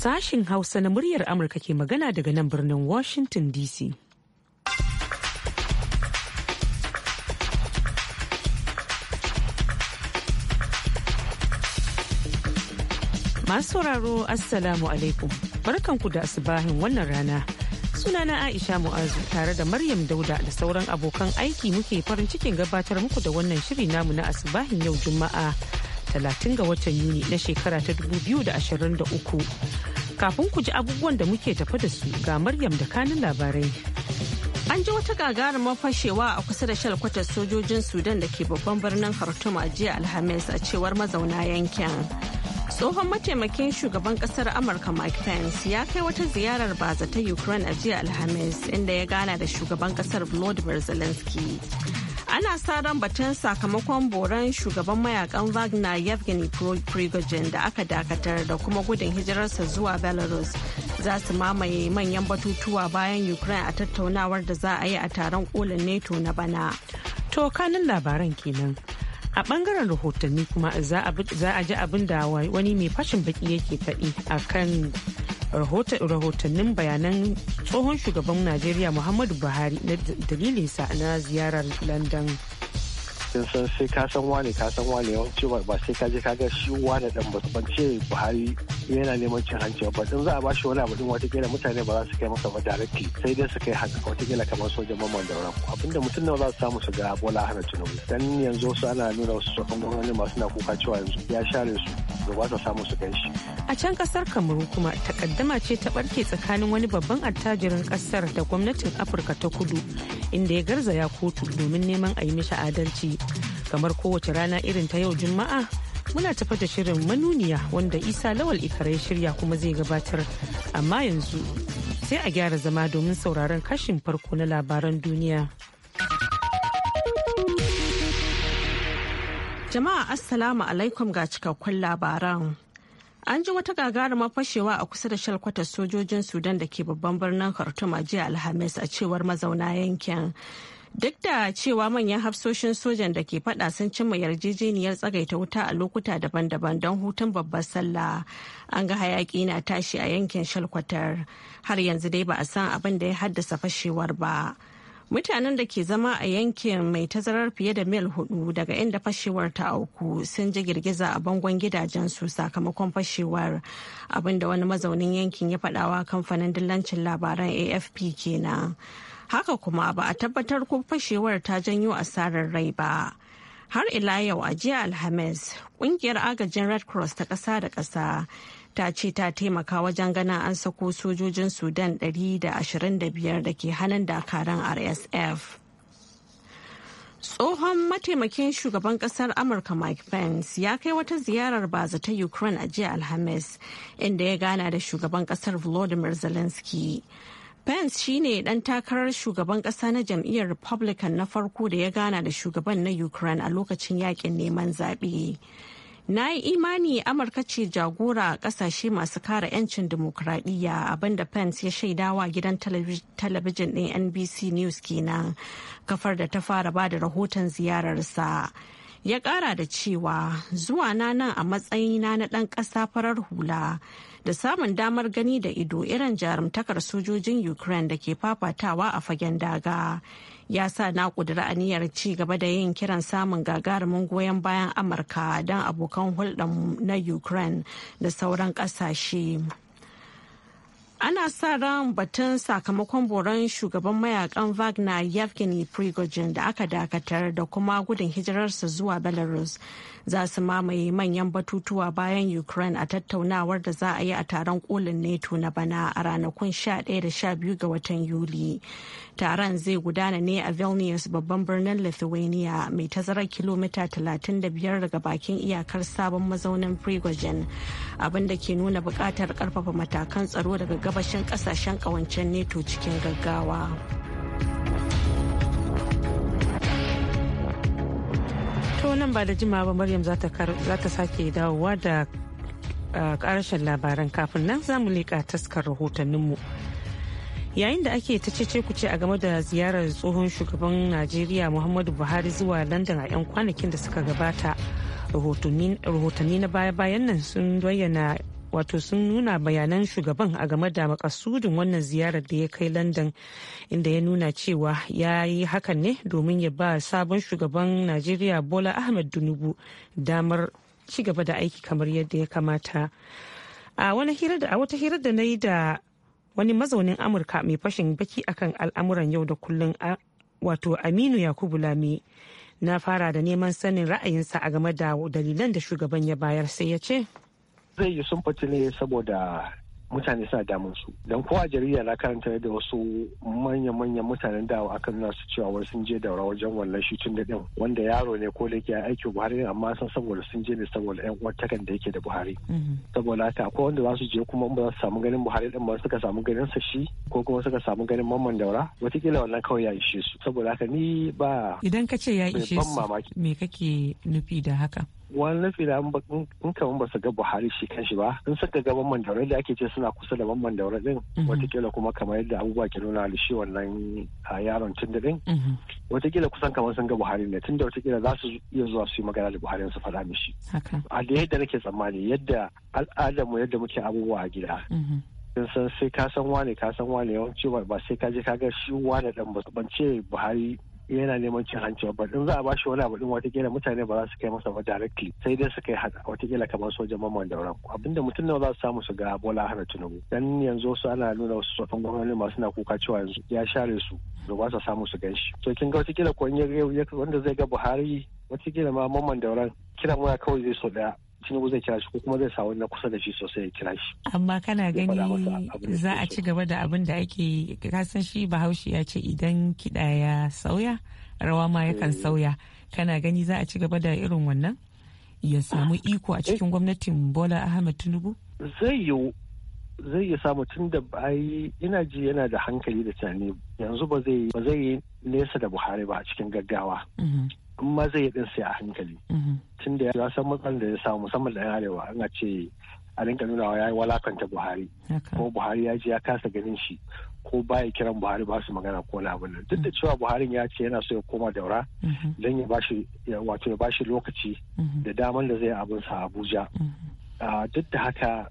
Sashin Hausa na muryar Amurka ke magana daga nan birnin Washington DC. Masu sauraro Assalamu alaikum. Barkanku da asibahin wannan rana. Sunana Aisha Mu'azu tare da Maryam Dauda da sauran abokan aiki muke farin cikin gabatar muku da wannan shiri namu na asibahin yau Juma'a. 30 ga watan Yuni na shekara ta 2023. Kafin ku ji abubuwan da muke tafa da su ga Maryam da kanin labarai. An ji wata gagarumar fashewa a kusa da shalkwatar sojojin Sudan da ke babban birnin Khartoum a jiya Alhamis a cewar mazauna yankin. Tsohon mataimakin shugaban kasar Amurka Mike Pence ya kai wata ziyarar baza ta Ukraine a jiya Alhamis inda ya gana da shugaban kasar Volodymyr Zelensky. ana sa ran batun sakamakon boran shugaban mayakan wagner yevgeny prigozhin da aka dakatar da kuma gudun hijirarsa zuwa belarus za su mamaye manyan batutuwa bayan ukraine a tattaunawar da za a yi a taron kolin NATO na bana to kanin labaran kenan a bangaren rahotanni kuma za a ji abin da wani mai fashin baki yake faɗi a kan rahotannin bayanan tsohon shugaban najeriya muhammadu buhari na dalilinsa na ziyarar london kin san sai ka san wane ka san wane yawanci ba sai ka je ka ga shi wane dan ba ban ce Buhari yana neman cin hanci ba din za a bashi wani abu din wata kila mutane ba za su kai masa ba directly sai dai su kai haka wata kila kamar sojan mamman da ran abinda mutum nawa za su samu su ga Bola Ahmed Tinubu dan yanzu su ana nuna wasu tsofaffin gwamnati masu na kuka cewa yanzu ya share su ba su samu su kai shi a can kasar kamaru kuma takaddama ce ta barke tsakanin wani babban attajirin kasar da gwamnatin afirka ta kudu inda ya garzaya kotu domin neman a yi mishi adalci kamar kowace rana irin ta yau juma'a muna tafa da shirin manuniya wanda isa lawal ikare shirya kuma zai gabatar amma yanzu sai a gyara zama domin sauraron kashin farko na labaran duniya jama'a assalamu alaikum ga cikakkun labaran an ji wata gagarumar fashewa a kusa da shalkwatar sojojin sudan da ke babban birnin khartoum a jiya alhamis a cewar mazauna yankin Duk da cewa manyan hafsoshin sojan da ke fada sun cimma yarjejeniyar tsagaita wuta a lokuta daban-daban don hutun babbar sallah an ga hayaki na tashi a yankin shalkwatar har yanzu dai ba a san abin da ya haddasa fashewar ba. Mutanen da ke zama a yankin mai tazarar fiye da mil hudu daga inda fashewar ta auku sun ji girgiza a bangon gidajensu sakamakon fashewar abinda wani mazaunin yankin ya faɗawa kamfanin dillancin labaran AFP kenan. haka kuma ba a tabbatar ko fashewar ta janyo asarar rai ba har ila yau a jiya alhamis kungiyar agajin red cross ta ƙasa da ƙasa ta ce ta taimaka wajen ganin an sako sojojin sudan 125 da ke hannun dakaran rsf tsohon mataimakin shugaban kasar amurka mike pence ya kai wata ziyarar baza ta ukraine a jiya alhamis inda ya gana da shugaban kasar volodymyr zelensky Pence shine dan takarar shugaban kasa na jam'iyyar Republican na farko da ya gana da shugaban na Ukraine a lokacin yakin neman zaɓe. Na yi imani Amurka ce jagora a kasashe masu kara 'yancin dimokuraɗiyya abinda Pence ya shaidawa gidan talabijin ɗin NBC News kenan kafar da ta fara ba da rahoton ziyararsa. ya kara da cewa zuwa na nan a matsayina na ɗan ƙasa farar hula da samun damar gani da ido irin jarumtakar sojojin ukraine da ke fafatawa a fagen daga ya sa na ƙudiri aniyar ci gaba da yin kiran samun gagarumin goyon bayan amurka don abokan hulɗar na ukraine da sauran ƙasashe. ana sa ran batun sakamakon boron shugaban mayakan wagner yevgeny prigozhin da aka dakatar da kuma gudun hijirarsa zuwa belarus za su mamaye manyan batutuwa bayan ukraine a tattaunawar da za a yi a taron kolin NATO na bana a ranakun 11 da 12 ga watan yuli taron zai gudana ne a vilnius babban birnin lithuania mai tazarar kilomita 35 daga bakin iyakar sabon mazaunin prigozhin da ke nuna buƙatar ƙarfafa matakan tsaro daga gabashin ƙasashen kawancen NATO cikin gaggawa. nan ba da jimawa ba Maryam za ta sake dawowa da karashen labaran kafin nan za mu leƙa taskar rahotanninmu. Yayin da ake ta cece kuce a game da ziyarar tsohon shugaban Najeriya Muhammadu Buhari zuwa London a 'yan kwanakin da suka gabata, rahotanni na baya-bayan nan sun bayyana wato sun nuna bayanan shugaban a game da makasudin wannan ziyarar da ya kai london inda ya nuna cewa ya yi hakan ne domin ya ba sabon shugaban najeriya bola ahmed dunubu damar ci gaba da aiki kamar yadda ya kamata a wata hirar da na yi da wani mazaunin amurka mai fashin baki akan al'amuran yau da kullum wato aminu yakubu lami na fara da neman sanin ra'ayinsa a game da dalilan da shugaban ya bayar sai ya ce zai yi sun fita ne saboda mutane suna damun su don kowa jarida na karanta da wasu manya-manyan mutanen da akan nuna su cewa wani sun je daura wajen wannan shi tun da din wanda yaro ne ko da yake aiki buhari ne amma san saboda sun je ne saboda yan uwar takan da yake da buhari mhm. saboda haka akwai wanda za su je kuma ba su samu ganin buhari din ba suka samu ganin sa shi ko kuma suka samu ganin mamman daura watakila wannan kawai ya ishe su saboda haka ni ba idan ka ce ya ishe su me kake nufi da haka wani nufi da in kaman ba su ga buhari shi kanshi ba sun saka gaban daure da ake ce suna kusa da ban daure din mhm. watakila kuma kamar yadda abubuwa ke nuna shi wannan yaron tun da din mhm. watakila kusan kamar sun ga buhari ne tun da watakila za su iya zuwa su yi magana da buhari su faɗa mishi a da yadda nake tsammani yadda al'adarmu yadda muke abubuwa a gida sun mhm. san sai ka san wane ka san wane yawanci ba sai ka je ka ga shi wane dan ban ce buhari yana neman cin hanci ba in za a bashi wani abu din watakila mutane ba za su kai masa ba directly sai dai su kai hada watakila kamar sojan mamman dauran abinda mutum nawa za su samu su ga bola hana tunubu dan yanzu su ana nuna wasu tsofin gwamnati masu na kuka cewa yanzu ya share su da ba su samu su gan shi to kin ga watakila ko wanda zai ga buhari watakila ma mamman dauran kiran waya kawai zai so daya tinubu zai kira shi ko kuma zai sa wani kusa da shi sosai ya kira shi amma kana gani za a ci gaba da abin da ake kasan shi bahaushe ya ce idan kiɗa ya sauya rawa ma yakan eh. sauya kana gani za a ci gaba da irin wannan ya samu iko a eh. cikin gwamnatin bola ahmed tinubu zai yi zai iya samu tun da bayi ina ji yana da hankali da tunani yanzu ba zai yi nesa da buhari ba a cikin gaggawa mm-hmm. amma zai yi din sai a hankali mhm. tun da ya san matsalar da ya samu musamman da arewa ana ce a rinka ya yi walakanta buhari ko buhari ya ji ya kasa ganin shi ko ba kiran buhari ba su magana ko labin nan duk da mhm. cewa buhari ya ce yana so ya koma daura mhm. don ya bashi wato ya bashi lokaci da damar da zai abin sa abuja duk da haka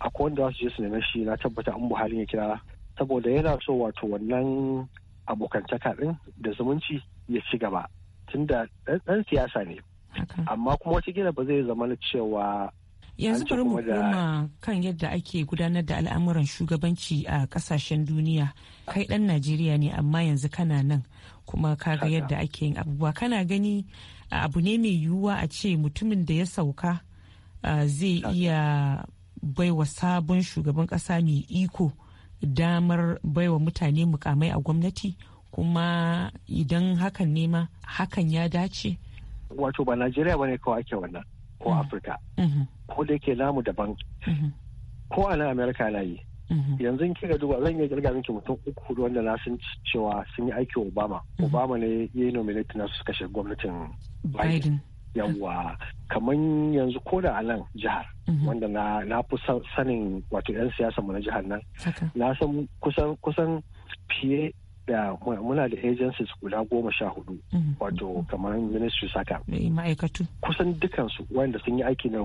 akwai wanda su je su neme shi na tabbata an buhari ya kira saboda yana so wato wannan abokantaka din da zumunci ya ci gaba tunda ɗan siyasa ne amma kuma wata gina ba zai zama na cewa yanzu bari mu koma kan yadda ake gudanar da al'amuran shugabanci a kasashen duniya kai dan najeriya ne amma yanzu kana nan kuma kaga yadda ake yin abubuwa kana gani abu ne mai yiwuwa a ce mutumin da ya sauka zai iya baiwa sabon shugaban kasa mai iko damar baiwa mutane mukamai a gwamnati kuma idan hakan ne ma hakan ya dace wato ba najeriya ba ne kawai ake wannan ko mm-hmm. afirka mm-hmm. ko da yake namu daban mm-hmm. ko a nan amerika na yi yanzu kika duba zan iya kirga miki mutum uku wanda na san cewa sun yi aiki obama obama ne ya yi nominate na su kashe gwamnatin biden yawwa kamar yanzu ko da a nan jihar wanda na fi sanin wato 'yan siyasa mu na jihar nan na san kusan fiye da muna da agencies guda goma sha hudu mm-hmm. wato kamar ministry saka ma'aikatu kusan dukansu wanda sun yi aiki na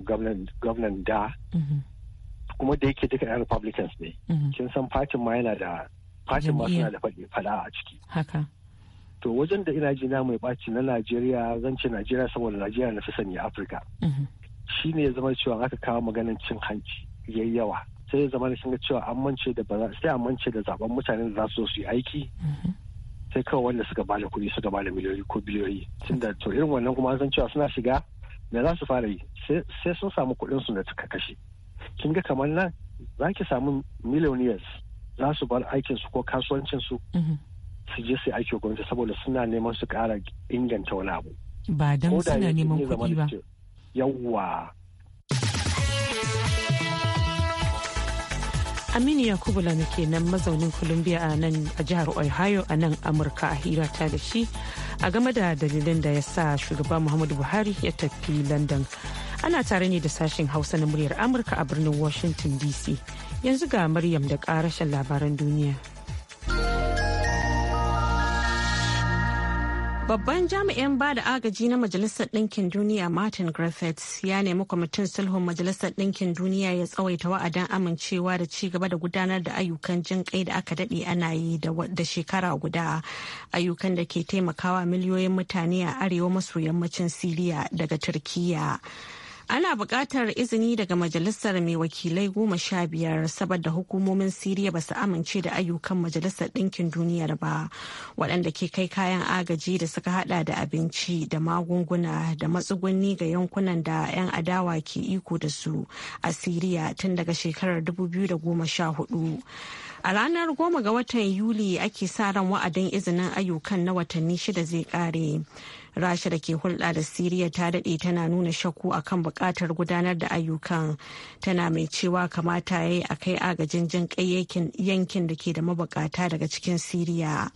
gwamnan da mm-hmm. kuma da yake duka yan republicans ne mm-hmm. kin san fatin ma yana da fatin ma suna da fada a ciki to wajen da ina jina mai baci na najeriya zan ce najeriya saboda najeriya na fi sanya afirka ne ya zama cewa aka kawo maganin cin hanci yayi yawa sai zama da sun ga cewa an mance da sai an da zaben mutanen da za su zo su yi aiki mhm. sai kawai wanda suka bada kuɗi suka bada miliyoyi ko biliyoyi tunda to irin wannan kuma san cewa suna shiga me za su fara yi sai sun samu kuɗin su da suka kashe kin ga kamar nan za ki samu millionaires za su bar aikin su ko kasuwancin su mhm. su je su aiki gwamnati saboda suna neman su ƙara inganta wani abu ba dan suna neman kuɗi ba yawwa Aminu Yakubu Lami kenan mazaunin Columbia a nan a jihar Ohio a nan Amurka a hira ta da shi a game da dalilin da ya sa shugaba Muhammadu Buhari ya tafi London. Ana tare ne da sashen Hausa na muryar Amurka a birnin Washington DC. Yanzu ga Maryam da ƙarashen labaran duniya. Babban jami'in ba da agaji na Majalisar Ɗinkin Duniya Martin Griffiths ya nemi kwamitin sulhun Majalisar Ɗinkin Duniya ya tsawaita wa'adin amincewa da ci gaba da gudanar da ayyukan jin kai da aka daɗe ana yi da shekara guda ayyukan da ke taimakawa miliyoyin mutane a arewa maso yammacin Siriya daga Turkiyya. ana buƙatar izini daga majalisar mai wakilai goma sha biyar saboda hukumomin siriya ba su amince da ayyukan majalisar ɗinkin duniyar ba waɗanda ke kai kayan agaji da suka hada da abinci da magunguna da matsuguni ga yankunan da 'yan adawa ke iko da su a siriya tun daga shekarar 2014 a ranar goma ga watan yuli ake sa ran wa'adin izinin ayyukan na watanni shida zai kare rasha da ke hulɗa da siriya ta daɗe tana nuna shakku kan buƙatar gudanar da ayyukan tana mai cewa kamata ya yi a kai agajin jin yankin da ke da mabuƙata daga cikin siriya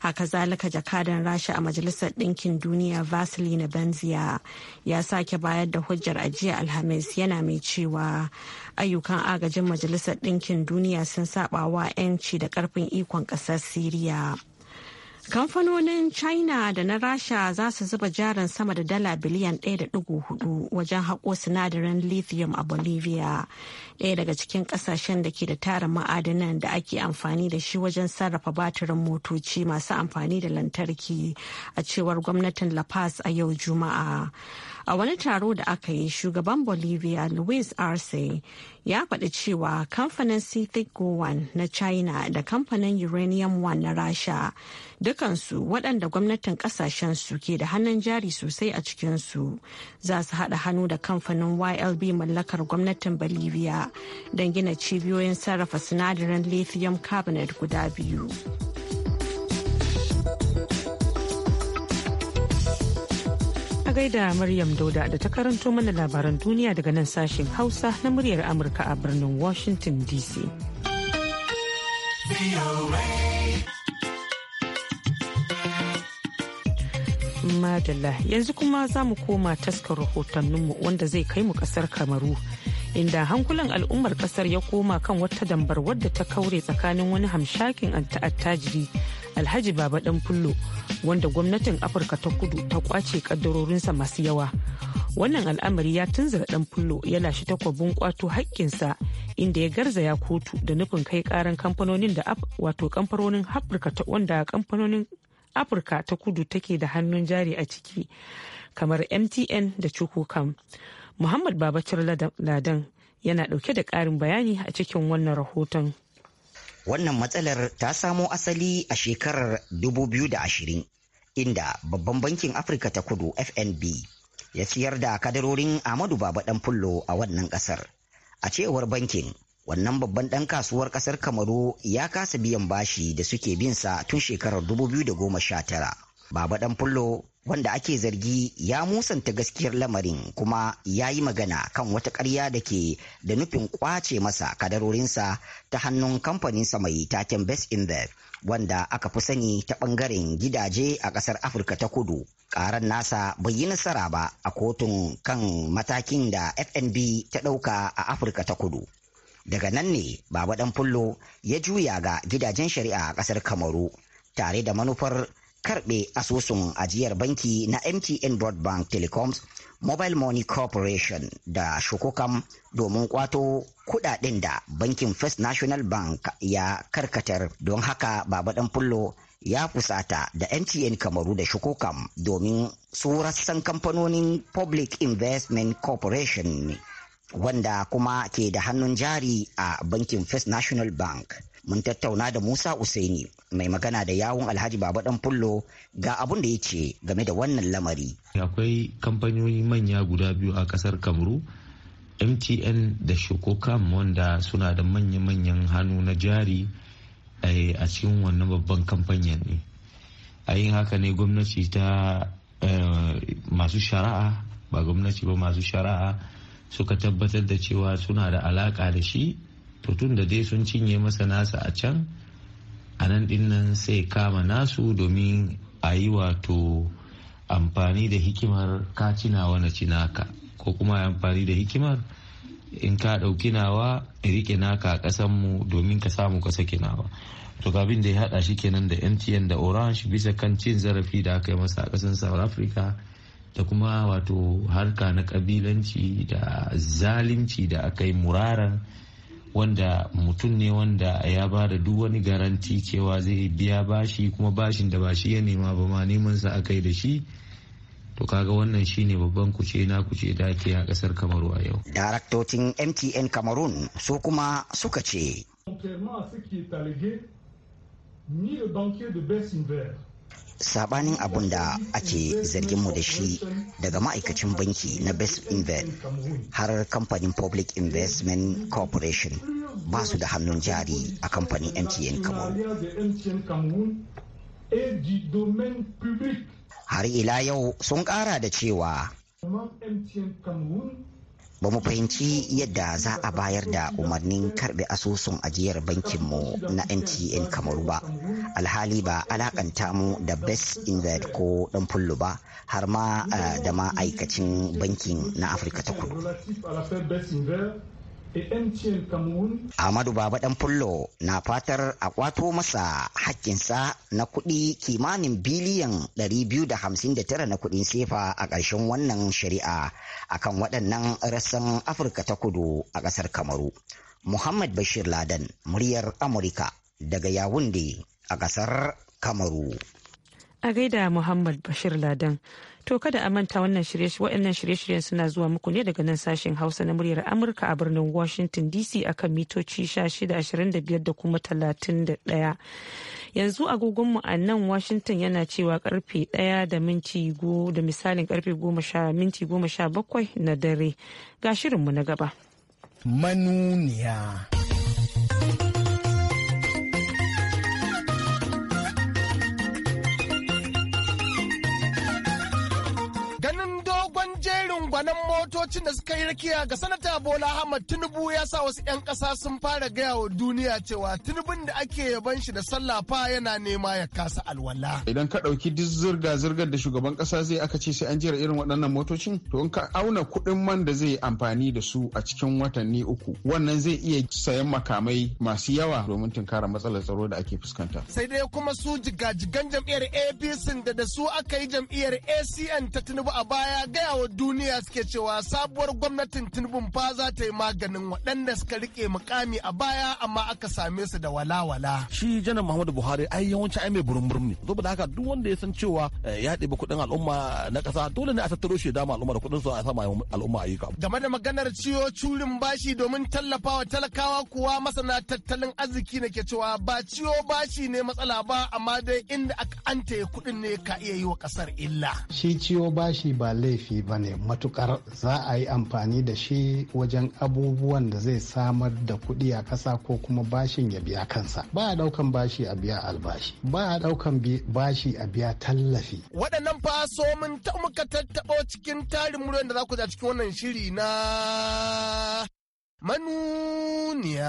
haka zalika jakadan rasha a majalisar ɗinkin duniya vasily na benziya ya sake bayar da hujjar ajiya alhamis yana mai cewa ayyukan agajin majalisar ɗinkin duniya sun saɓa wa 'yanci da ƙarfin ikon ƙasar siriya Kamfanonin China da na Rasha za su zuba jarin sama da dala biliyan 1.4 wajen haƙo sinadarin lithium a Bolivia, ɗaya daga cikin ƙasashen da ke da tarin ma'adanan da ake amfani da shi wajen sarrafa batirin motoci masu amfani da lantarki a cewar gwamnatin La Paz a yau Juma'a. A wani taro da aka yi shugaban Bolivia Luis Arce ya faɗi cewa kamfanin Cithic one na China da kamfanin Uranium One na Rasha dukansu waɗanda gwamnatin ƙasashen su ke da hannun jari sosai a cikinsu za su haɗa hannu da kamfanin YLB mallakar gwamnatin Bolivia don gina cibiyoyin sarrafa sinadarin lithium carbonate guda biyu. gaida Maryam Dauda da ta karanto mana labaran duniya daga nan sashen Hausa na muryar Amurka a birnin Washington DC. Madalla yanzu kuma za mu koma taskar rahotanninmu wanda zai kai mu kasar Kamaru. inda hankulan al'ummar kasar ya koma kan wata dambar wadda ta kaure tsakanin wani hamshakin attajiri alhaji baba dan fullo wanda gwamnatin afirka ta kudu ta kwace kaddarorinsa masu yawa wannan al'amari ya tunzura dan fullo ya lashe takwabin kwato haƙƙinsa inda ya garzaya kotu da nufin kai karan kamfanonin da wato kamfanonin afirka ta wanda kamfanonin afirka ta kudu take da hannun jari a ciki kamar mtn da cukukam muhammad babacir ladan yana dauke da ƙarin bayani a cikin wannan rahoton Wannan matsalar ta samo asali a shekarar 2020 inda babban bankin Afirka ta kudu FNB ya siyar da kadarorin Amadu Baba dan fullo a wannan kasar. A cewar bankin, wannan babban dan kasuwar kasar Kamaru ya kasa biyan bashi da suke bin sa tun shekarar 2019. Baba dan fullo wanda ake zargi ya musanta gaskiyar lamarin kuma ya yi magana kan wata ƙarya da ke da nufin kwace masa kadarorinsa ta hannun kamfaninsa mai taken best in invest wanda aka fi sani ta ɓangaren gidaje a ƙasar afirka ta kudu ƙarar nasa bai yi nasara ba a kotun kan matakin da fnb ta ɗauka a afirka ta kudu daga nan ne baba ɗan fullo ya juya ga gidajen shari'a a ƙasar kamaru tare da manufar karbe asusun ajiyar banki na mtn broadband telecoms mobile money corporation da shukukam domin kwato kudaden da bankin first national bank ya karkatar don haka baba dan fullo ya fusata da mtn kamaru da shukukam domin su rassan kamfanonin public investment corporation wanda kuma ke da hannun jari a bankin first national bank mun tattauna da musa usaini mai magana da yawun alhaji baba dan fullo ga abun da ya ce game da wannan lamari akwai kamfanoni manya guda biyu a kasar kamaru mtn da shokokam wanda suna da manya-manyan hannu na jari eh, a cikin wannan babban kamfanyan ne a yin haka ne gwamnati ta eh, masu shari'a ba gwamnati ba masu shari'a suka tabbatar da cewa suna da alaƙa da shi to tun da dai sun cinye masa nasa a can a nan dinnan sai kama nasu domin a yi wato amfani da hikimar ka cinawa na cinaka ko kuma amfani da hikimar in ka ɗauki nawa rike naka a kasanmu domin ka samu ka sake nawa to gabin da ya haɗa shi kenan da mtn da orange bisa kan cin zarafi da aka yi masa a ƙasar south africa da kuma wato harka na kabilanci da zalunci da aka yi muraran wanda mutum ne wanda ya ba da duk wani garanti cewa zai biya bashi kuma bashin da ba shi ya nema ba ma neman sa akai da shi to kaga wannan shine babban kuce na kuce da ake a kasar kamaru a yau daraktocin mtn cameroon su kuma suka ce ni le banquier de sabanin abun da ake zargin mu da shi daga ma'aikacin banki na best invest har kamfanin public investment corporation ba su da hannun jari a kamfanin mtn kamaru har ila yau sun kara da cewa ba mu fahimci yadda za a bayar da umarnin karbe asusun ajiyar bankinmu na mtn kamaru ba alhali ba alakanta mu da best invert ko dan fullu ba har ma eh, da ma'aikacin bankin na afirka ta kudu Ahmadu Baba Dan Fullo na fatar a kwato masa hakkinsa na kuɗi kimanin biliyan 259 na kuɗin sefa a ƙarshen wannan shari'a akan waɗannan rassan Afirka ta kudu a ƙasar Kamaru. Muhammad Bashir Laden, muryar Amurka daga Yawunde a ƙasar Kamaru. A gaida Muhammad Bashir Laden. To kada a manta wannan waɗannan shirye-shiryen suna zuwa muku ne daga nan sashen Hausa na muryar Amurka a birnin Washington DC akan mitoci 1625 da kuma 31. Yanzu agogonmu a nan Washington yana cewa karfe 1 da minti go da misalin karfe 10 minti 17 na dare. Ga shirinmu na gaba. Manuniya. bayanan motocin da suka yi rakiya ga sanata Bola Ahmad Tinubu ya sa wasu 'yan ƙasa sun fara gaya wa duniya cewa Tinubun da ake yaban shi da sallah fa yana nema ya kasa alwala. Idan ka ɗauki duk zirga-zirgar da shugaban ƙasa zai aka ce sai an jera irin waɗannan motocin to in ka auna kuɗin man da zai amfani da su a cikin watanni uku wannan zai iya sayan makamai masu yawa domin tunkara matsalar tsaro da ake fuskanta. Sai dai kuma su jigajigan jam'iyyar APC da da su aka yi jam'iyyar ACN ta Tinubu a baya gaya wa duniya yake cewa sabuwar gwamnatin tinubu fa za ta yi maganin waɗanda suka rike mukami a baya amma aka same su da walawala. Shi janar Muhammadu Buhari ai yawanci ai mai burum-burum ne. da haka duk wanda ya san cewa eh, ya ɗebi kuɗin al'umma na ƙasa dole ne a tattaro shi dama al'umma da kuɗin su a sama al'umma ayyuka. Game da maganar ciwo curin bashi domin tallafawa talakawa kuwa masana tattalin arziki ne ke cewa ba ciwo bashi ne matsala ba amma dai inda aka antaye kuɗin ne ka iya yi wa ƙasar illa. Shi ciwo bashi ba laifi ba ne matuƙa za a yi amfani da shi wajen abubuwan da zai samar da kuɗi a ƙasa ko kuma bashin ya biya kansa ba a ɗaukan bashi a biya albashi ba a ɗaukan bashi a biya tallafi waɗannan fa so mun ta muka tattaɓo cikin tarin muryar da za ku ja cikin wannan shiri na manuniya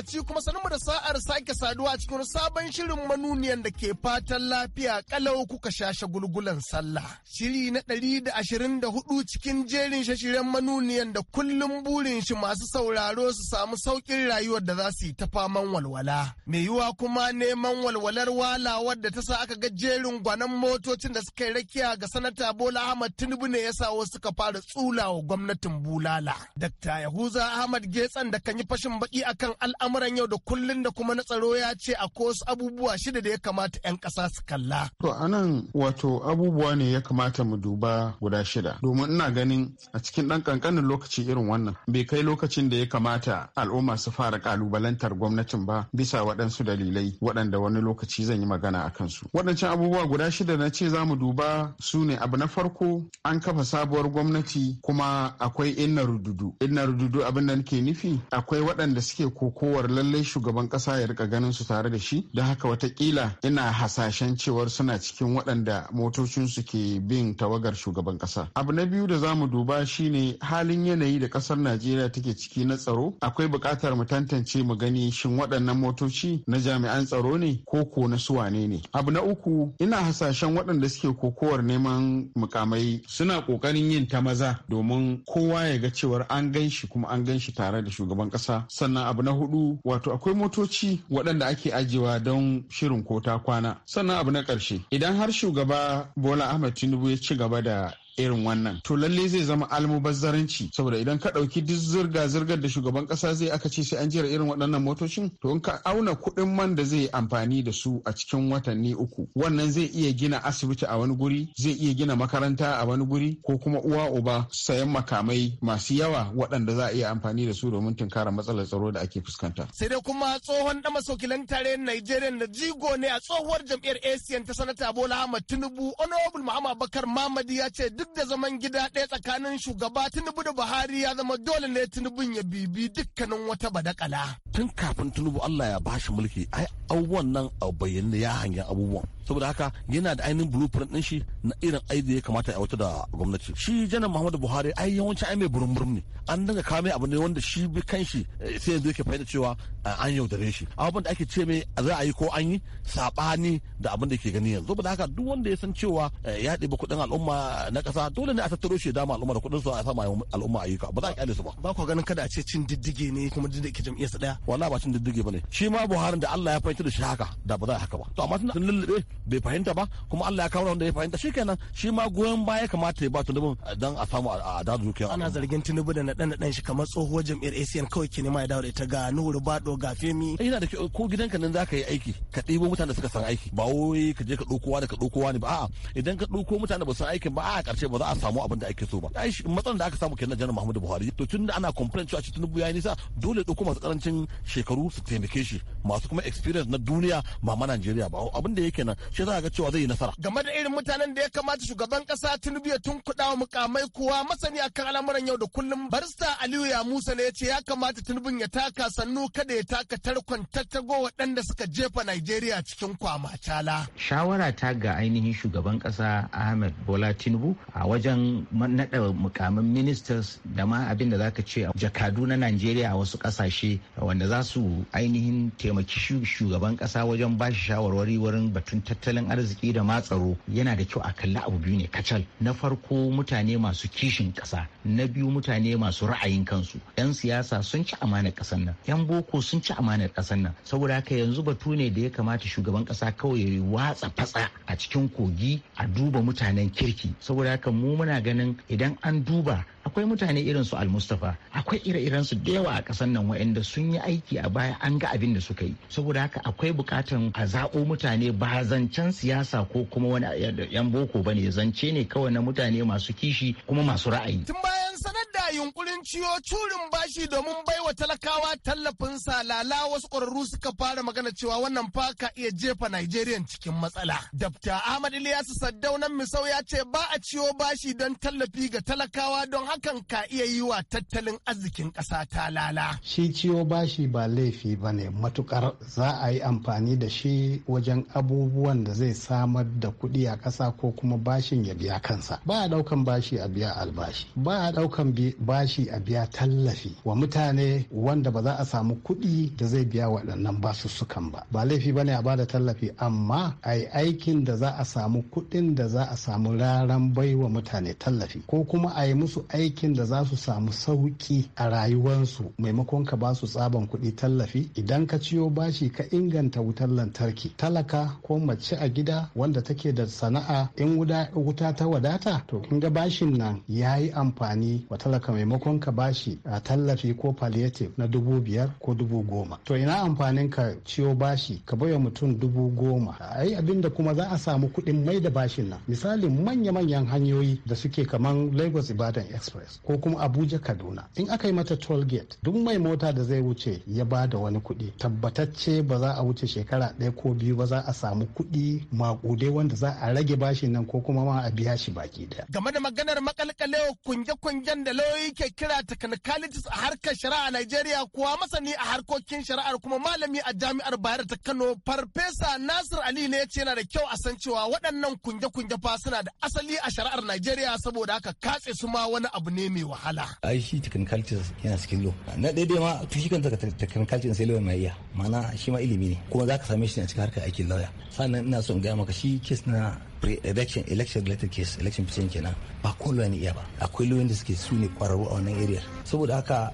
lokaci kuma sanin da sa'ar sake saduwa cikin sabon shirin manuniyan da ke fatan lafiya kalau kuka shashe gulgulan sallah. Shiri na ɗari da ashirin da hudu cikin jerin shashiren manuniyan da kullum burin shi masu sauraro su samu sauƙin rayuwar da za su yi ta faman walwala. Mai yiwa kuma neman walwalar wala wadda ta sa aka ga jerin gwanan motocin da suka yi rakiya ga sanata Bola Ahmad Tinubu ne ya sa suka fara tsula wa gwamnatin bulala. Dakta Yahuza Ahmad Getsan da kan yi fashin baki akan al'amuran al'amuran yau da kullun da kuma na tsaro ya ce a wasu abubuwa shida da ya kamata 'yan kasa su kalla. To anan wato abubuwa ne ya kamata mu duba guda shida. Domin ina ganin a cikin ɗan ƙanƙanin lokaci irin wannan bai kai lokacin da ya kamata al'umma su fara kalubalantar gwamnatin ba bisa waɗansu dalilai waɗanda wani lokaci zan yi magana a kansu. Waɗancan abubuwa guda shida na ce za mu duba su ne abu na farko an kafa sabuwar gwamnati kuma akwai inna rududu. Inna rududu abin da nake nufi akwai waɗanda suke kokowa cewar lallai shugaban kasa ya rika ganin su tare da shi da haka watakila ina hasashen cewar suna cikin waɗanda motocinsu ke bin tawagar shugaban kasa abu na biyu da za mu duba shine halin yanayi da kasar najeriya take ciki na tsaro akwai buƙatar mu tantance mu gani shin waɗannan motoci na jami'an tsaro ne ko ko na su wane ne abu na uku ina hasashen waɗanda suke kokowar neman mukamai suna ƙoƙarin yin ta maza domin kowa ya ga cewar an ganshi kuma an gan shi tare da shugaban ƙasa sannan abu na hudu wato akwai motoci waɗanda ake ajiyewa don shirin ko ta kwana sannan abu na ƙarshe idan har shugaba bola ahmed tinubu ya ci gaba da irin wannan to lalle zai zama almubazzaranci saboda idan ka ɗauki duk zirga-zirgar da shugaban ƙasa zai aka ce sai an jira irin waɗannan motocin to in ka auna kuɗin man da zai amfani da su a cikin watanni uku wannan zai iya gina asibiti a wani guri zai iya gina makaranta a wani guri ko kuma uwa uba sayan makamai masu yawa waɗanda za a iya amfani da su domin tunkara matsalar tsaro da ake fuskanta sai dai kuma tsohon da masaukilan tare nigeria da jigo ne a tsohuwar jam'iyyar ACN ta sanata Bola Ahmed Tinubu Honorable Muhammad Bakar Mamadi ya ce duk da zaman gida ɗaya tsakanin shugaba Tinubu da Buhari ya zama dole ne Tinubu ya bibi dukkanin wata badakala. Tun kafin Tinubu Allah ya bashi mulki ai abubuwan nan a bayyane ya hanyar abubuwan. saboda haka yana da ainihin blueprint din shi na irin aiki da ya kamata ya wuce da gwamnati shi janar muhammadu buhari ai yawanci ai mai burum ne an daga kame abu ne wanda shi bi kan shi eh, sai yanzu yake fahimta cewa eh, an yau yaudare shi abubuwan da ake ce mai za a yi ko an yi sabani da abin da ke gani yanzu saboda haka duk wanda ya san cewa eh, ya ɗiba kuɗin al'umma na ƙasa dole ne a tattaro shi dama al'umma da kuɗin su a sama al'umma ayyuka ba za a kyale su ba ba ku ganin kada a ce cin diddige ne kuma diddige jam'iyyarsa ɗaya wala ba cin diddige ne shi ma buhari da Allah ya fahimta da shi haka da ba za a haka ba to amma sun lullube bai fahimta ba kuma Allah ya kawo wanda ya fahimta kenan shi ma goyon baya kamata ya ba tunubu dan a samu a da dukiya ana zargin tunubu da naɗan naɗan shi kamar tsohuwar jam'iyyar ACN kawai ke nema ya dawo da ita ga Nuhu Bado ga Femi eh, yana da ko gidanka nan zaka yi aiki ka ɗibo mutanen da suka san aiki ba wai ka je ka ɗauko wani ka ɗauko ne ba a'a idan ka ɗauko mutanen ba san aikin ba a'a ƙarshe ba za a samu abin da ake so ba ai matsalar da aka samu kenan janar Muhammadu Buhari to tun da ana complain cewa tunubu ya yi nisa dole ɗauko masu karancin shekaru su taimake shi masu kuma experience na duniya ba ma Najeriya ba abin da yake nan shi za ga cewa zai yi nasara. Game da irin mutanen da ya kamata shugaban kasa Tinubu ya tunkuɗa wa mukamai kuwa masani akan al'amuran yau da kullum barista Aliyu ya Musa ne ya ce ya kamata Tinubu ya taka sannu kada ya taka tarkon tattago waɗanda suka jefa Najeriya cikin kwamatala. Shawara ta ga ainihin shugaban kasa Ahmed Bola Tinubu a wajen naɗa mukamin ministers da ma abin da zaka ce jakadu na Najeriya a wasu ƙasashe wanda za su ainihin taimaki shugaban kasa wajen ba shi shawarwari wurin batun tattalin arziki da ma tsaro yana da kyau a kalli abu biyu ne kacal na farko mutane masu kishin ƙasa na biyu mutane masu ra'ayin kansu yan siyasa sun ci amanar ƙasar nan yan boko sun ci amanar ƙasar nan saboda haka yanzu batu ne da ya kamata shugaban ƙasa kawai ya watsa fatsa a cikin kogi a duba mutanen kirki saboda haka mu muna ganin idan an duba akwai mutane irin su almustafa akwai ire-iren su da yawa a kasan nan waɗanda sun yi aiki a baya an ga abin da suka yi saboda haka akwai bukatan a zaɓo mutane ba zancen siyasa ko kuma wani yan boko bane zance ne kawai na mutane masu kishi kuma masu ra'ayi tun bayan da yunkurin ciyo curin bashi domin baiwa talakawa tallafin lala wasu ƙwararru suka fara magana cewa wannan fa ka iya jefa Nigerian cikin matsala. Dabta Ahmad Ilyasu nan Misau ya ce ba a ciyo bashi don tallafi ga talakawa don hakan ka iya yi wa tattalin arzikin ƙasa ta lala. Shi ciyo bashi ba laifi ba ne matukar za a yi amfani da shi wajen abubuwan da zai samar da kuɗi a ƙasa ko kuma bashin ya biya kansa. Ba a ɗaukan bashi a biya albashi. Ba a ɗaukan bi bashi a biya tallafi wa mutane wanda ba za a samu kuɗi da zai biya waɗannan basussukan ba ba laifi ba ne a bada tallafi amma a yi aikin da za a samu kuɗin da za a samu raran bai wa mutane tallafi ko kuma a yi musu aikin da za su samu sauƙi a rayuwarsu maimakon ka ba su tsaban kuɗi tallafi idan ka ciyo bashi ka inganta wutar lantarki talaka ko mace a gida wanda take da sana'a in wuta ta wadata to kin ga bashin nan ya yi amfani wata talaka maimakon ka bashi a tallafi ko palliative na dubu biyar ko dubu goma to ina amfanin ka ciwo bashi ka baiwa mutum dubu goma ai abinda kuma za a samu kuɗin mai da bashin nan misali manya-manyan hanyoyi da suke kamar lagos ibadan express ko kuma abuja kaduna in aka yi mata toll gate duk mai mota da zai wuce ya ba da wani kuɗi tabbatacce ba za a wuce shekara ɗaya ko biyu ba za a samu kuɗi maƙude wanda za a rage bashin nan ko kuma ma a biya shi baki ɗaya. game da maganar makalkalewa kunje-kunjen da lauyoyi ke kira technicalities a harkar shari'a a Najeriya kuwa masani a harkokin shari'ar kuma malami a jami'ar Bayar ta Kano Farfesa Nasir Ali ne ce yana da kyau a san cewa waɗannan kunje-kunje fa suna da asali a shari'ar Najeriya saboda haka katse su ma wani abu ne mai wahala. Ai shi technicalities yana cikin lo. Na daidai ma to shi kanta technicalities sai lauyan mai iya. Ma'ana shi ma ilimi ne kuma za ka same shi a cikin harkar aikin lauya. Sannan ina son gaya maka shi case na election election related case election fishing kenan ba kowa ne iya ba akwai lauyoyin da suke su ne kwararru a wannan area saboda haka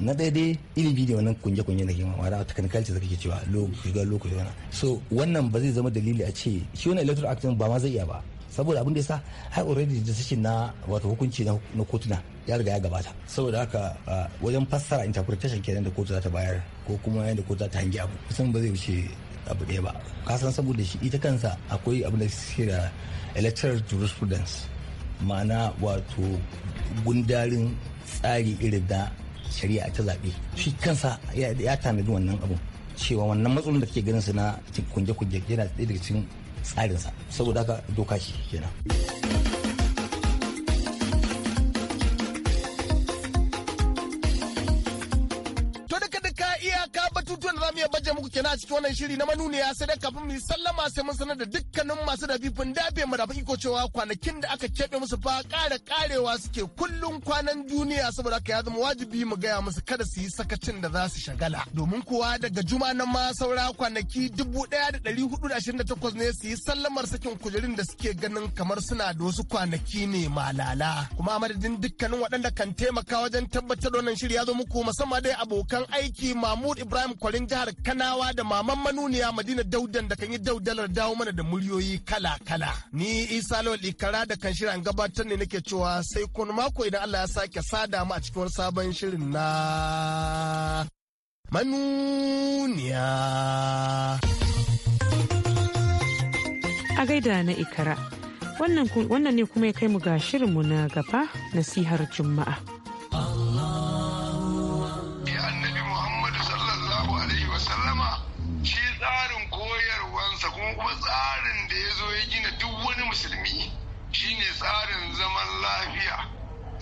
na daidai ilimi ne wannan kunje kunje da kima wanda technicality da kake cewa lokaci ga lokaci wannan so wannan ba zai zama dalili a ce shi wannan electoral act ba ma zai iya ba saboda abin da yasa har already decision na wato hukunci na kotuna ya riga ya gabata saboda haka wajen fassara interpretation kenan da kotu za ta bayar ko kuma yadda kotu za ta hangi abu kusan ba zai wuce abu ɗaya ba kasan saboda shi ita kansa akwai abu da suke da electoral jurisprudence ma'ana wato gundarin tsari irin da shari'a ta zaɓe shi kansa ya tanadi wannan abu cewa wannan matsalolin da ke ganin su na kunje-kunje yana ɗaya daga cikin tsarinsa saboda haka doka shi kenan. cikin wannan shiri na manuniya sai dai kafin mu yi sallama sai mun sanar da dukkanin masu da dabe mu da iko cewa kwanakin da aka keɓe musu fa ƙara ƙarewa suke kullum kwanan duniya saboda haka ya zama wajibi mu gaya musu kada su yi sakacin da za su shagala domin kuwa daga juma nan ma saura kwanaki dubu ɗaya da ɗari hudu da ashirin da takwas ne su yi sallamar sakin kujerun da suke ganin kamar suna da wasu kwanaki ne malala kuma madadin dukkanin waɗanda kan taimaka wajen tabbatar da wannan shiri ya zo muku musamman dai abokan aiki mahmud ibrahim kwarin jihar kanawa da maman manuniya Madina Daudan da kan yi daudalar dawo mana da muryoyi kala-kala. Ni Isa Lawal Ikara da kan shirin gabatar ne nake cewa sai kun mako idan Allah ya sake sada mu a cikin wani sabon shirin na manuniya. A gaida na Ikara, wannan ne kuma ya kai mu ga shirinmu na gaba nasihar Juma'a. musulmi shine tsarin zaman lafiya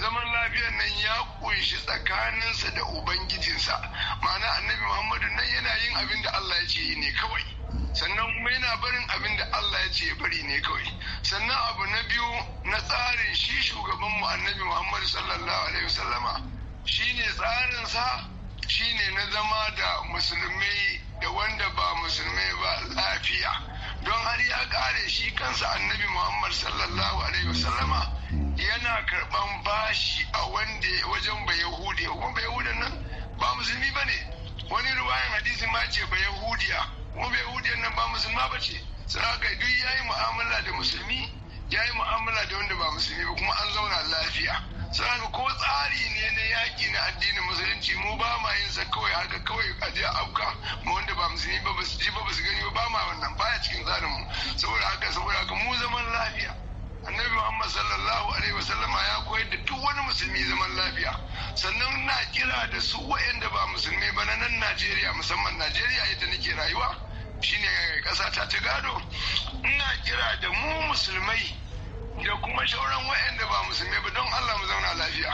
zaman lafiyar nan ya kunshi tsakaninsa da ubangijinsa ma'ana annabi muhammadu nan yana yin abin da allah ya ce yi ne kawai sannan kuma yana barin abin da allah ya ce ya bari ne kawai sannan abu na biyu na tsarin shi shugabanmu annabi muhammadu sallallahu alaihi wasallama shine tsarinsa shine na zama da musulmai da wanda ba musulmai ba lafiya don har ya kare shi kansa annabi muhammad sallallahu alaihi wasallama yana karban bashi a wanda wajen ba yahudiya kuma ba yahudiyan nan ba musulmi ba ne wani ruwayan hadisi ma ce ba yahudiya kuma ba yahudiyan nan ba musulma ba ce saraka duk ya yi mu'amala da musulmi ya yi mu'amala da wanda ba musulmi ba kuma an zauna lafiya saka ko tsari ne na yaƙi na addinin musulunci mu ba ma yin sa kawai haka kawai a je afka mu wanda ba musulmi ba ba su ji ba ba su gani ba ma wannan baya cikin tsarin mu saboda haka saboda haka mu zaman lafiya annabi muhammad sallallahu alaihi wasallama ya koyar da duk wani musulmi zaman lafiya sannan na kira da su wa'anda ba musulmi ba na nan najeriya musamman najeriya ita nake rayuwa shine kasa ta ta gado ina kira da mu musulmai da kuma shauran waɗanda ba musulmi ba don Allah mu zauna lafiya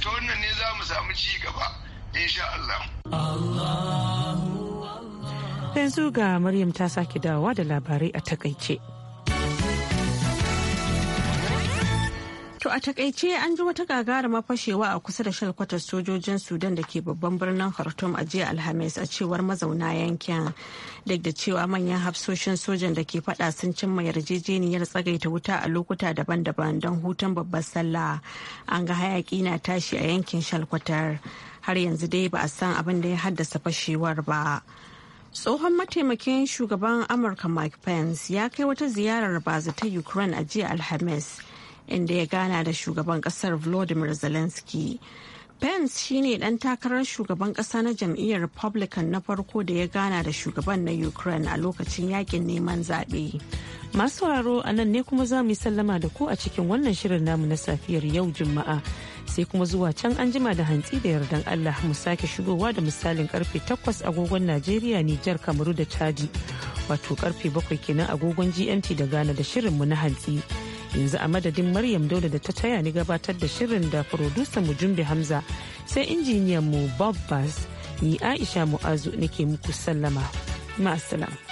ta wannan ne za mu samu ci gaba insha Allah. Yanzu ga Maryam ta sake dawowa da labarai a takaice. To a takaice an ji wata gagara fashewa a kusa da shalkwatar sojojin Sudan da ke babban birnin Khartoum a jiya Alhamis a cewar mazauna yankin. Duk da cewa manyan hafsoshin sojan da ke fada sun cimma yarjejeniyar tsagaita wuta a lokuta daban-daban don hutun babbar sallah an ga hayaki na tashi a yankin shalkwatar. Har yanzu dai ba a san abin da ya haddasa fashewar ba. Tsohon mataimakin shugaban Amurka Mike Pence ya kai wata ziyarar baza ta Ukraine a jiya Alhamis. inda ya gana da shugaban kasar Volodymyr Zelensky. Pence shine dan takarar shugaban kasa na jam'iyyar Republican na farko da ya gana da shugaban na Ukraine a lokacin yakin neman zaɓe. Masu sauraro a nan ne kuma za mu yi sallama da ku a cikin wannan shirin namu na safiyar yau Juma'a. Sai kuma zuwa can an jima da hantsi da yardan Allah mu sake shigowa da misalin karfe 8 agogon Najeriya, Nijar, Kamaru da Chadi. Wato karfe 7 kenan agogon GMT da Ghana da shirin mu na hantsi. yanzu a madadin maryam dole da ta taya ni gabatar da shirin da producer mu jumbe hamza sai injiniyan mu bob bass ni aisha mu'azu nake muku sallama ma'asalam.